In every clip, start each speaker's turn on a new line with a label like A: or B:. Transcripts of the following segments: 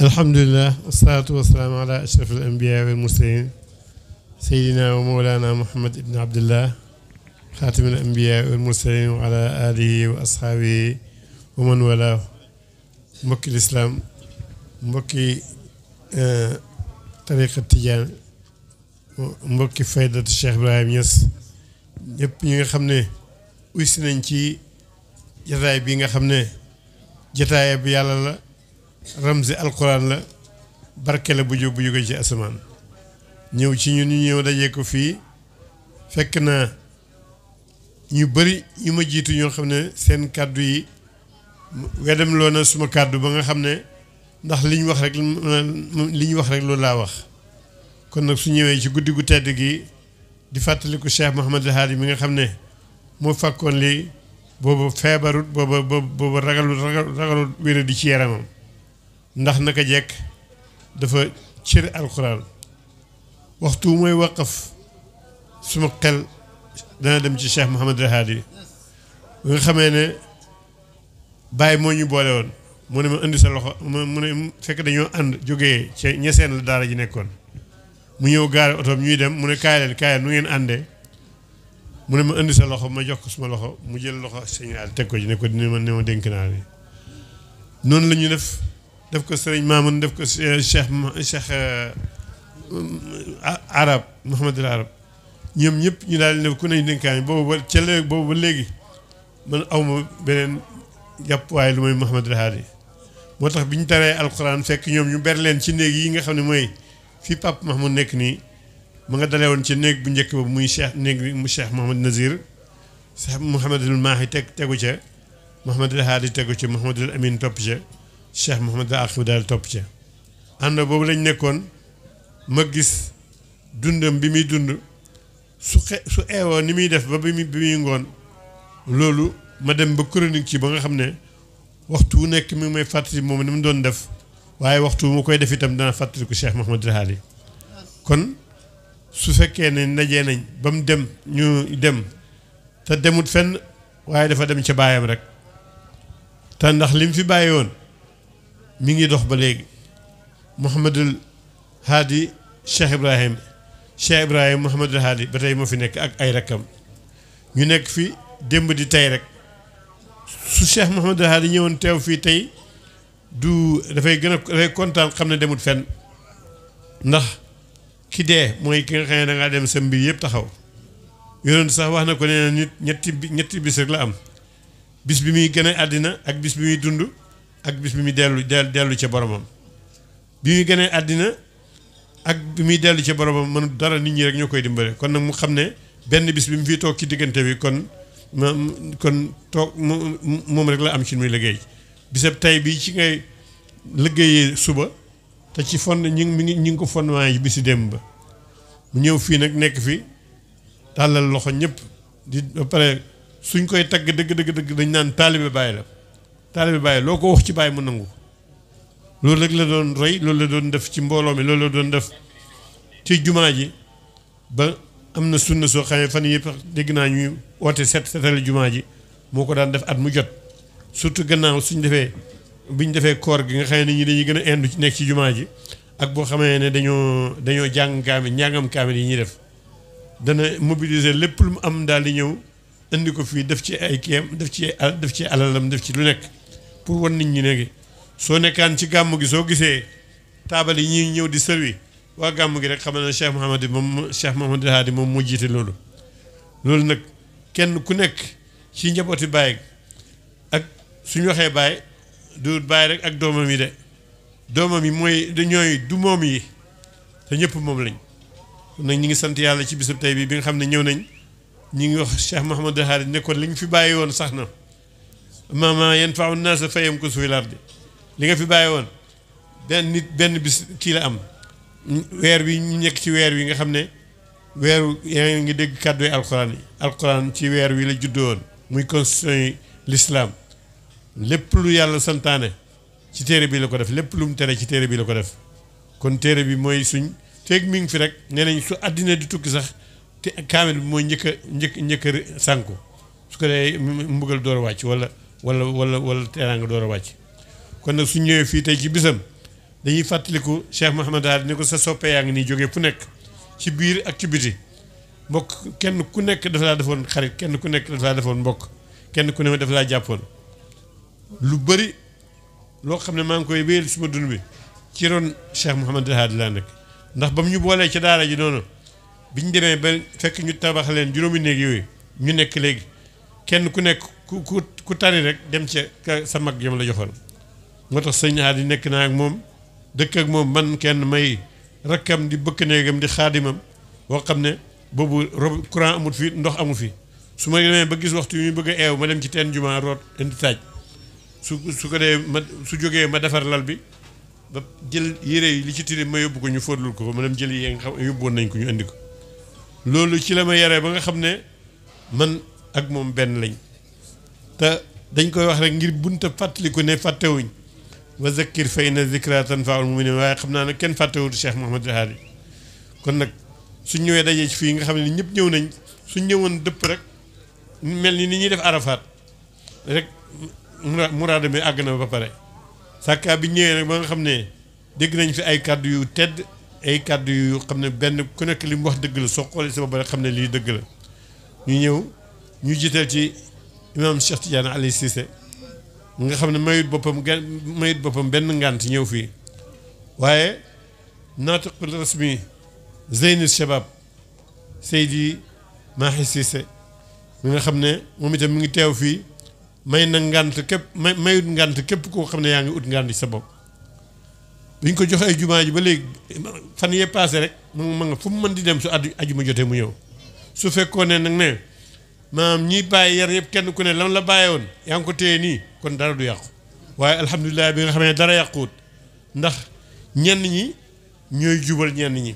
A: alhamdulilah wasalaatu wasalaamu ala ashraf al ambiya wal mursalin seydina wa mawlana muhammad ibn abdillah xaatim al ambiya wal mursalin wa ala alihi wa ashaabihi wa man wala mbokki lislaam mbokki eh, tariqa tijaan mbokki faydatu Cheikh Ibrahim Niass ñëpp ñi nga xam ne uysi nañ ci jataay bi nga xam ne jataay bi yàlla la ramzi alquran la barke bu jóg bu jóge ci asamaan ñëw ci ñun ñu ñëw dajee ko fii fekk naa ñu bari ñu ma jiitu ñoo xam ne seen kàddu yi wedam loo na suma kàddu ba nga xam ne ndax li ñu wax rek li wax rek loolu laa wax kon nag su ñëwee ci guddi gu tedd gi di fàttaliku Cheikh Mouhamadul Haadi mi nga xam ne moo fàkkoon lii boobu feebarut boobu boobu ragalul ragalul wéra di ci yaramam ndax naka jekk dafa cëri alxuraan waxtu wu mooy waqaf suma xel dana dem ci Cheikh Mouhamed Rahadi ba nga xamee ne bàyyi moo ñu boole woon mu ne ma indi sa loxo mu ne fekk dañoo ànd jógee ca ñeseen la daara ji nekkoon mu ñëw gaare otoom ñuy dem mu ne kaay kaay nu ngeen àndee mu ne ma indi sa loxo ma jox ko suma loxo mu jël loxo sëñ al teg ko ji ne ko dina ma ne ma dénk naa noonu la ñu def. def ko sëriñ Mamoun def ko cheikh cheikh euh, arab Mouhamadul Arab ñoom ñëpp ñu daal ne ku nañ dénkaani boobu ba ca léegi boobu ba léegi man awma beneen jàpp waaye lu mooy Mouhamadul Haadi moo tax bi ñu taree alquran fekk ñoom ñu ber leen ci néeg yi nga xam ne mooy fi Pape Mahmoud nekk nii ma nga dalee woon ci néeg bu njëkk boobu muy cheikh néeg bi mu cheikh Mouhamad Nazir cheikh Mouhamadul Maahi teg tegu ca Mouhamadul Haadi tegu ci Mouhamadul Amin topp ca cheikh Mouhamed Aqibu daal topp ca ànd boobu lañ nekkoon ma gis dundam bi muy dund su xe ni muy def ba bi muy bi ngoon loolu ma dem ba chronique ci ba nga xam ne waxtu wu nekk mi may fàttali moom ni mu doon def waaye waxtu wu ma koy def itam dana fàttali ko cheikh Mouhamed Rahali kon su fekkee ne ndaje nañ ba mu dem ñu dem te demut fenn waaye dafa dem ca baayam rek te ndax lim fi bàyyi woon. mi ngi dox ba léegi Mouhamadul Haadi Cheikh Ibrahim Cheikh Ibrahim Mouhamadul Haadi ba tey moo fi nekk ak ay rakkam ñu nekk fi démb di tey rek su Cheikh Mouhamadul Haadi ñëwoon teew fii tey du dafay gën a dafay kontaan xam ne demut fenn ndax ki dee mooy ki nga xam ne da dem sa mbir yëpp taxaw yoroon sax wax na ko nee na nit ñetti ñetti bis rek la am bis bi muy gën a àddina ak bis bi muy dund. ak bis bi muy dellu dellu ca boromam bi muy gënee àddina ak bi muy dellu ca boromam mënu dara nit ñi rek ñoo koy dimbale kon nag mu xam ne benn bis bi mu fi toog ci diggante bi kon ma kon toog moom rek la am ci muy liggéey bisab tey bi ci ngay suba te ci fond ñi mi ngi ñi ngi ko fondement yi bisi démb ba mu ñëw fii nag nekk fi tàllal loxo ñëpp di ba suñ koy tagg dëgg dëgg dañ naan taalibe bàyyi la taalibe Baye loo ko wax ci Baye mu nangu loolu rek la doon roy loolu la doon def ci mbooloo mi loolu la doon def ci jumaa ji ba am na sunna soo xamee fan yëpp dégg naa ñuy woote set setal jumaa ji moo ko daan def at mu jot surtout gannaaw suñ defee ñu defee koor gi nga xam ne ñi dañuy gën a indu ci nekk ci jumaa ji ak boo xamee ne dañoo dañoo jàng kaamil njàngam kaamil yi ñuy def dana mobiliser lépp lu mu am daal di ñëw indi ko fii def ci ay kéem def ci def ci alalam def ci lu nekk pour wan nit ñi néegi soo nekkaan ci gàmm gi soo gisee taabal yi ñuy ñëw di sëlwi waa gàmm gi rek xam na Cheikh Mouhamed moom Cheikh Mouhamed Hadi moom moo jiite loolu loolu nag kenn ku nekk ci njabooti Baye ak suñu waxee Baye du Baye rek ak doomam yi de doomam yi mooy dañooy du moom yi te ñëpp moom lañ nag ñi ngi sant yàlla ci bisub tey bi bi nga xam ne ñëw nañ ñi ngi wax Cheikh Mouhamed Hadi ne li liñ fi bàyyi woon sax na maama yanfau naasa fa yamkusu fil ardi li nga fi bàyyi woon benn nit benn bis kii la am weer wi ñu nekk ci weer wi nga xam ne weeru yaa ngi dégg kàddu yi alquran ci weer wi la juddoo woon muy constitution yi l'islam lépp lu yàlla santaane ci téere bi la ko def lépp lu mu tere ci téere bi la ko def kon téere bi mooy suñ teeg mi ngi fi rek nee nañ su àddina di tukki sax te kaamil bi mooy njëkk njëkk njëkk a sànku su ko dee mbugal door wàcc wala wala wala wala teraanga door a wàcc kon nag suñ ñëwee fii tey ci bisam dañuy fàttaliku Cheikh Mouhamed Ali ni ko sa soppe yaa ngi nii jógee fu nekk ci biir ak ci biti mbokk kenn ku nekk daf laa defoon xarit kenn ku nekk dafa laa defoon mbokk kenn ku ne dafa laa jàppoon lu bëri loo xam ne maa ngi koy wéyal suma dund bi ci ron Cheikh Mouhamed Ali laa nekk ndax ba mu ñu boolee ca daara ji noonu bi ñu demee ba fekk ñu tabax leen juróomi néeg yooyu ñu nekk léegi kenn ku nekk ku ku ku tari rek dem ca ka sa mag jom la joxoon moo tax sëñ aadi nekk naa ak moom dëkk ak moom man kenn may rakkam di bëkk néegam di xaadimam boo xam ne boobu rob curant amul fi ndox amul fi su ma demee ba gis waxtu yu ñu bëgg a eew ma dem ci teen juma root indi taaj su su ko dee ma su jógee ma defar lal bi ba jël yére yi li ci tilim ma yóbbu ko ñu fóotlul ko ma dem jël yi nga xam yóbbuwoon nañ ko ñu indi ko loolu ci la ma yaree ba nga xam ne man ak moom benn lañ te dañ koy wax rek ngir bunta fàttaliku ne fàttewuñ wa zakkir fa inna zikra tanfaul muminin waaye xam naa ne kenn fàttewut Cheikh Mouhamadou Haadi kon nag su ñëwee dajee fii nga xam ne ñëpp ñëw nañ suñ ñëwoon dëpp rek mel ni ni ñuy def arafaat rek muraada mi àgg na ba pare sàkkaa bi ñëwee rek ba nga xam ne dégg nañ fi ay kàdd yu tedd ay kàddu yu xam ne benn ku nekk li mu wax dëgg la soo xoolee si ba pare xam ne lii dëgg la ñu ñëw ñu jiital ci imaam Cheikh Tidiane Ali Cissé nga xam ne mayut boppam gan mayut boppam benn ngant ñëw fii waaye naatiqul rasmi Zeyni Shabab Seydi Mahi Cissé mi nga xam ne moom itam mu ngi teew fii may na ngant képp may mayut ngant képp koo xam ne yaa ngi ut ngant sa bopp bi ñu ko joxe ay jumaa ji ba léegi fan yee paase rek mu ma nga fu mu mën di dem su àjjuma jotee mu ñëw su fekkoo ne nag ne maanaam ñiy bàyyi yar yëpp kenn ku ne lan la bàyyi woon yaa ngi ko téye nii kon dara du yàqu waaye alhamdulilah bi nga xam ne dara yàquwut ndax ñenn ñi ñooy jubal ñenn ñi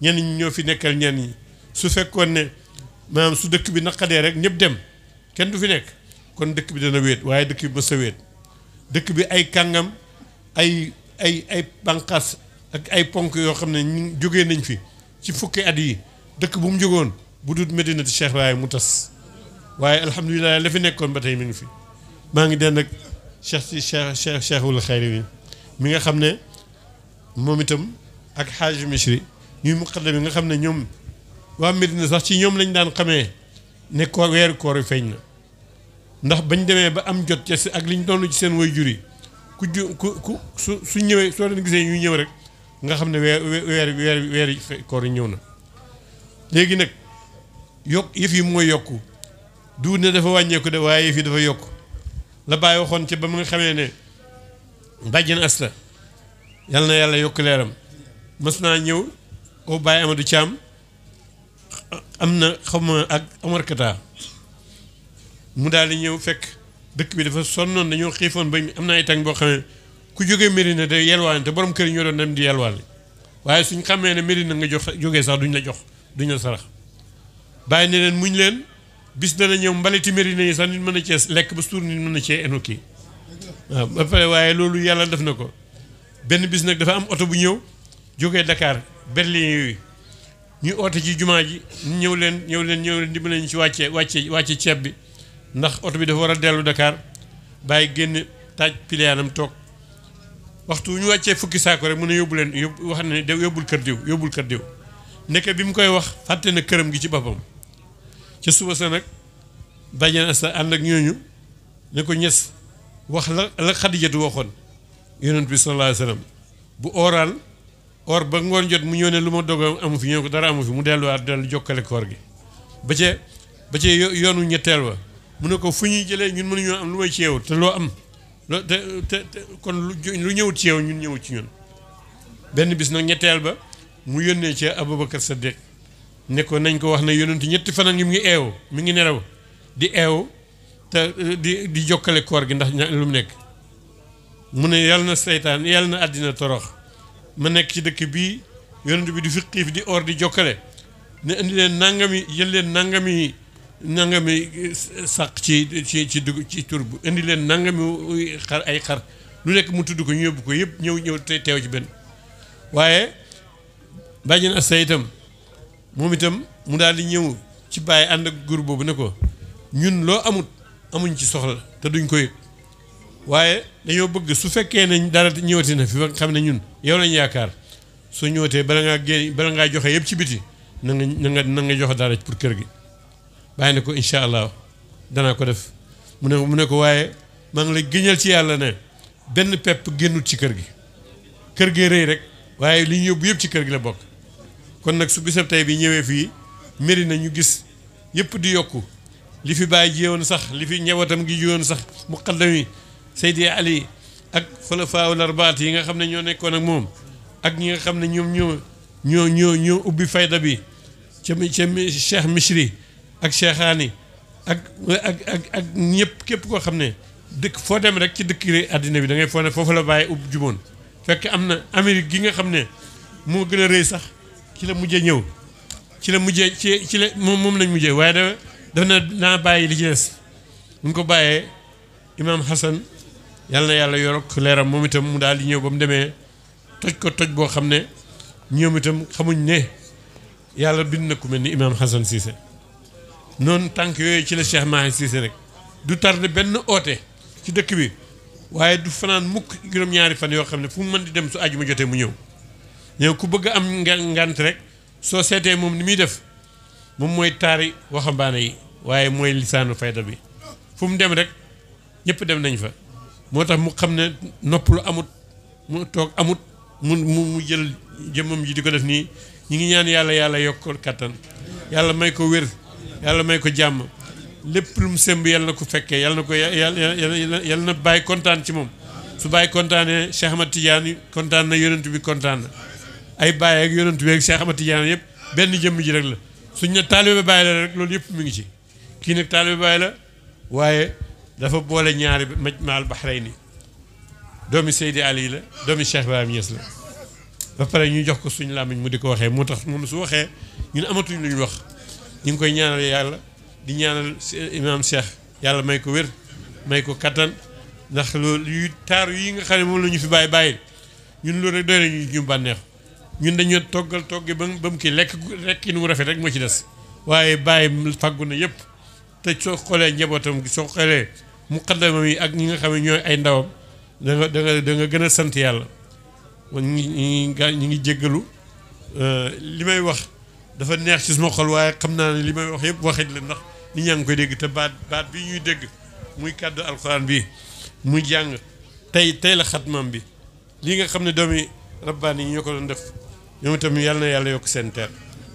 A: ñenn ñi ñoo fi nekkal ñenn ñi su fekkoon ne maanaam su dëkk bi naqadee rek ñëpp dem kenn du fi nekk kon dëkk bi dana wéet waaye dëkk bi mës a wéet dëkk bi ay kàngam ay ay ay bànqaas ak ay ponk yoo xam ne ñu jógee nañ fi ci fukki at yi dëkk bu mu jógoon bu dul Medinati Cheikh Baye mu tas waaye alhamdulilah la fi nekkoon ba tey mu ngi fi maa ngi dend ak cheikh si cheikh cheikh cheikhul xayri bi mi nga xam ne moom itam ak xaaj misri ñuy muqaddam bi nga xam ne ñoom waa na sax ci ñoom lañ daan xamee ne ko weeru koor feeñ na ndax bañ demee ba am jot ca si ak liñ doon ci seen way jur yi ku ju ku ku su su ñëwee soo leen gisee ñu ñëw rek nga xam ne weer weer weer weer koor yi ñëw na léegi nag yokk yëf yi mooy yokku duut ne dafa wàññeeku de waaye fii dafa yokk la bàyyi waxoon ci ba mu nga xamee ne bàjjen asta yal na yàlla yokk leeram mas naa ñëw koo bàyyi du Thiam am na xaw ma ak amarkata mu daal di ñëw fekk dëkk bi dafa sonnoon dañoo xiifoon ba am na ay tàng boo xamee ku jógee Mérina de yelwaan te borom kër yi ñoo doon dem di yelwaan waaye suñ xamee ne Mérina nga jox jóge sax duñ la jox duñ la sarax bàyyi ne leen muñ leen bis dana ñëw mbaliti Médina yi sax nit mën a cees lekk ba suur nit mën na cee enoki waaw ba pare waaye loolu yàlla def na ko benn bis nag dafa am oto bu ñëw jógee dakaar Berlin yooyu ñu oote ci jumaa ji ñëw leen ñëw leen ñëw leen dimbali ñu ci wàccee wàccee wàcce ceeb bi ndax oto bi dafa war a dellu Dakar bàyyi génn taaj piliyaanam toog waxtu ñu wàccee fukki saako rek mun a yóbbu leen yóbbu wax ne yóbbul kër diw yóbbul kër diw nekk bi mu koy wax fàtte na këram gi ci boppam ca suba bàjjan sa ànd ak ñooñu ne ko ñes wax la la xadijatu waxoon yonent bi sallallahu alayhi wasallam bu oral or ba ngoon jot mu ñëw ne lu ma dog amu fi ñëw ko dara amu fi mu delluwaat dellu jokkale koor gi ba ca ba yoonu ñetteel wa mu ne ko fu ñuy jëlee ñun mënuñoo am lu may ci yow te loo am loo te te kon lu ñëwut ci yow ñun ñëwut ci ñun benn bis na ñetteel ba mu yónnee ca Abubakar Saddiq ne nañ ko wax ne yonent ñetti fan ak ñu ngi eew mi ngi nelaw di eew te eh, di di jokkale koor gi ndax lu mu nekk mu ne yàlla na seytaan yàlla na àddina torox ma nekk ci dëkk bii yonent bi di fi xiif di or di jokkale ne indi leen nangami jël leen nangami nangami eh, sàq ci ci ci dugg ci tur bu indi leen nangami eh, xar ay xar lu nekk mu tudd ko ñu yóbbu ko yëpp ñëw ñëw te teew ci benn waaye bàjjen Assa itam moom itam mu daal di ñëw ci bàyyi ànd ak góor boobu ne ko ñun loo amut amuñ ci soxla te duñ ko yëg waaye dañoo bëgg su fekkee ne dara ñëwati na fi nga xam ne ñun yow lañ yaakaar soo ñëwatee bala ngaa génn bala ngaa joxe yëpp ci biti na nga na nga na nga joxe dara pour kër gi bàyyi na ko incha allah danaa ko def mu ne mu ne ko waaye maa ngi lay ci yàlla ne benn pepp génnut ci kër gi kër gee rëy rek waaye li ñu yóbbu yëpp ci kër gi la bokk kon nag su bisab tey bi ñëwee fii mari na ñu gis yëpp di yokku li fi bàyyi jiwoon sax li fi ñewatam gi jiwoon sax muqaddam yi Seydi Ali ak xulafaaul arbaat yi nga xam ne ñoo nekkoon ak moom ak ñi nga xam ne ñoom ñoo ñoo ñoo ñoo ubbi fayda bi ca ca Cheikh Misri ak Cheikhaani ak ak ak ñëpp képp koo xam ne dëkk foo dem rek ci dëkk àddina bi da ngay foo foofu la bàyyi ubb juboon fekk am na Amérique gi nga xam ne moo gën a rëy sax ci la mujjee ñëw ci la mujjee ci ci la moom lañ mujje waaye da daf naa bàyyi li ci des ko bàyyee imaam Hassan yàlla na yàlla yorok leeram moom itam mu daal di ñëw ba mu demee toj ko toj boo xam ne ñoom itam xamuñ ne yàlla bind na ku mel ni imaam Hassan Cissé noonu tànk yooyu ci la Cheikh Mahi Cissé rek du tardé benn oote ci dëkk bi waaye du fanaan mukk juróom-ñaari fan yoo xam ne fu mu mën di dem su àjjuma jotee mu ñëw ñëw ku bëgg am ngant rek soo seetee moom ni muy def moom mooy taari waxambaane yi waaye mooy lisaanu fayda bi fu mu dem rek ñëpp dem nañ fa moo tax mu xam ne nopp lu amut mu toog amut mu mu jël jëmmam ji di ko def nii ñu ngi ñaan yàlla yàlla yokkool ko kattan yàlla may ko wér yàlla may ko jàmm lépp lu mu semb yàlla na ko fekkee yàlla na ko yàlla yàlla na bàyyi kontaan ci moom su bàyyi kontaanee Cheikh Ahmad Tidiane kontaan na yonent bi kontaan na ay bàyyi ak yonent bi ak Cheikh Ahmad yëpp benn jëmm ji rek la suñ ne taalibe bàyyi la rek loolu yëpp mu ngi ci kii nag taalibe baay la waaye dafa boole ñaari majmaal bahrayni doomi Seydi Ali la doomi Cheikh am Niass la ba pare ñu jox ko suñu làmmiñ mu di ko waxee moo tax moom su waxee ñun amatuñ lu wax ñu ngi koy ñaanal yàlla di ñaanal imaam Cheikh yàlla may ko wér may ko kattan ndax loolu yu taaru yi nga xam ne moom la ñu fi bàyyi bàyyi ñun loolu rek doy na ñu bànneex ñun dañoo toggal togge ba mu ba mu kii lekk lekki nu mu rafet rek moo ci des waaye bàyyi faggu na yëpp. te soo xoolee njabootam gi soo xoolee muqaddamam yi ak ñi nga xam ne ñooy ay ndawam da nga da gën a sant yàlla man ñi ñi ñi ngi euh, li may wax dafa neex ci xol waaye xam naa ne li may wax yëpp waxit la ndax nit ñaa ngi koy dégg te baat baat bi ñuy dégg muy kàddu alxuraan bi muy jàng tey tey la xatmaam bi lii nga xam ne doomi rabbaan yi ñoo ko doon def ñoom itam yàlla na yàlla yokk seen teer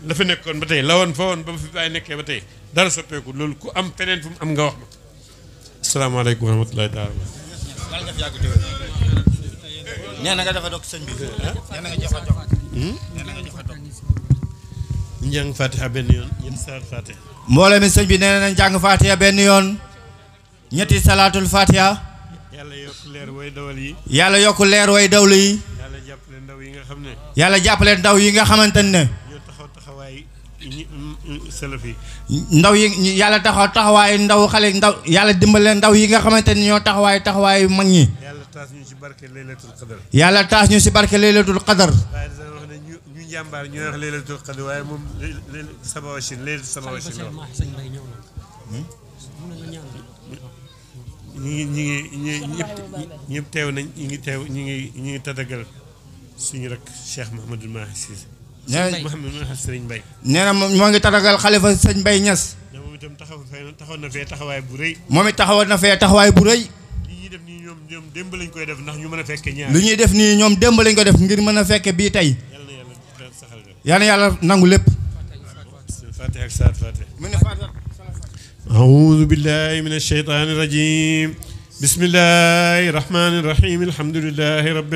A: la fa nekkoon ba tey lawoon fa woon ba fi bàyyi nekkee ba tey dara soppeeku loolu ku am feneen fu mu am nga wax ma asalaamaaleykum wa rahmatulahi taala nee na sëñ bi nee benn yoon ñetti salaat sëñ bi nee na hmm? benn yoon ñetti salaatul fatiha yàlla yokk leer way dawal yi yàlla yokk leer way dawlu yi yàlla jàppale ndaw yi nga xam ne yàlla jàppale ndaw yi nga xamante ne salafi ndaw yi yàlla taxaw taxawaayu ndaw xale ndaw yàlla dimbale ndaw yi nga xamante ni ñoo taxawaayu taxawaayu mag ñi. yàlla taas ñu si barke laylatul qadar. yàlla taas ñu si barke laylatul qadar. ñu jàmbaar ñooy wax laylatul qadar waaye moom saba wachin laylatul saba wachin hmm? hmm? ñu ngi ñu ngi ñëpp ñëpp teew nañ ñu ngi teew ñu ngi ñu ngi tadagal suñu rek Cheikh Mouhamadou Mahi Cissé sëriñ Mbaye nee na moo ngi tatagal xalifa sëñ Mbaye Niass. moom itam taxaw na taxawaay bu rëy. moom it taxaw na fee taxawaay bu rëy. li ñuy def nii ñoom ñoom
B: démb lañ koy def ndax ñu mën a fekke ñaar. li
A: ñuy def nii ñoom démb lañ ko def ngir mën a fekke bii tey. yal na yàlla nangu lépp. Fatiha ak Saar Fatiha. mu ne Fatiha. أعوذ بالله من الشيطان الرجيم بسم الله الرحمن الرحيم الحمد لله رب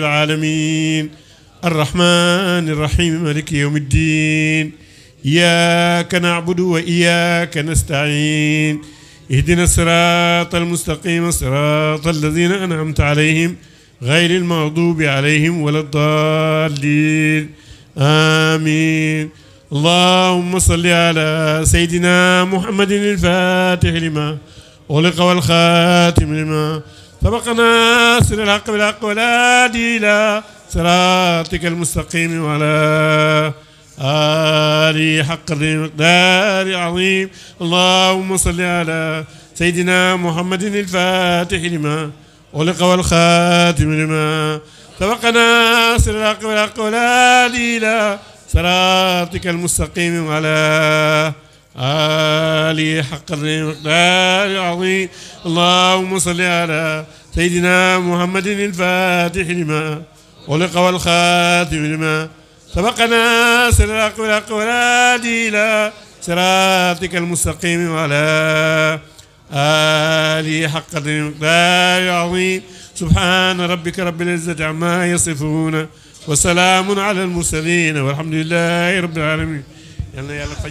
A: الرحمن الرحيم مالك يوم الدين إياك نعبد وإياك نستعين اهدنا الصراط المستقيم صراط الذين أنعمت عليهم غير المغضوب عليهم ولا الضالين آمين اللهم صل على سيدنا محمد الفاتح لما أغلق والخاتم لما سبق ناصر الحق بالحق والهادي إلى صراطك المستقيم وعلى آله حق المقدار عظيم اللهم صل على سيدنا محمد الفاتح لما أغلق والخاتم لما سبقنا سر الحق والحق ولا إلى صراطك المستقيم وعلى آله حق المقدار العظيم اللهم صل على سيدنا محمد الفاتح لما ولقى والخاتم لما سبقنا سراق ولاق ولادي إلى صراطك المستقيم وعلى آله حق المقدار العظيم سبحان ربك رب العزة عما يصفون وسلام على المرسلين والحمد لله رب العالمين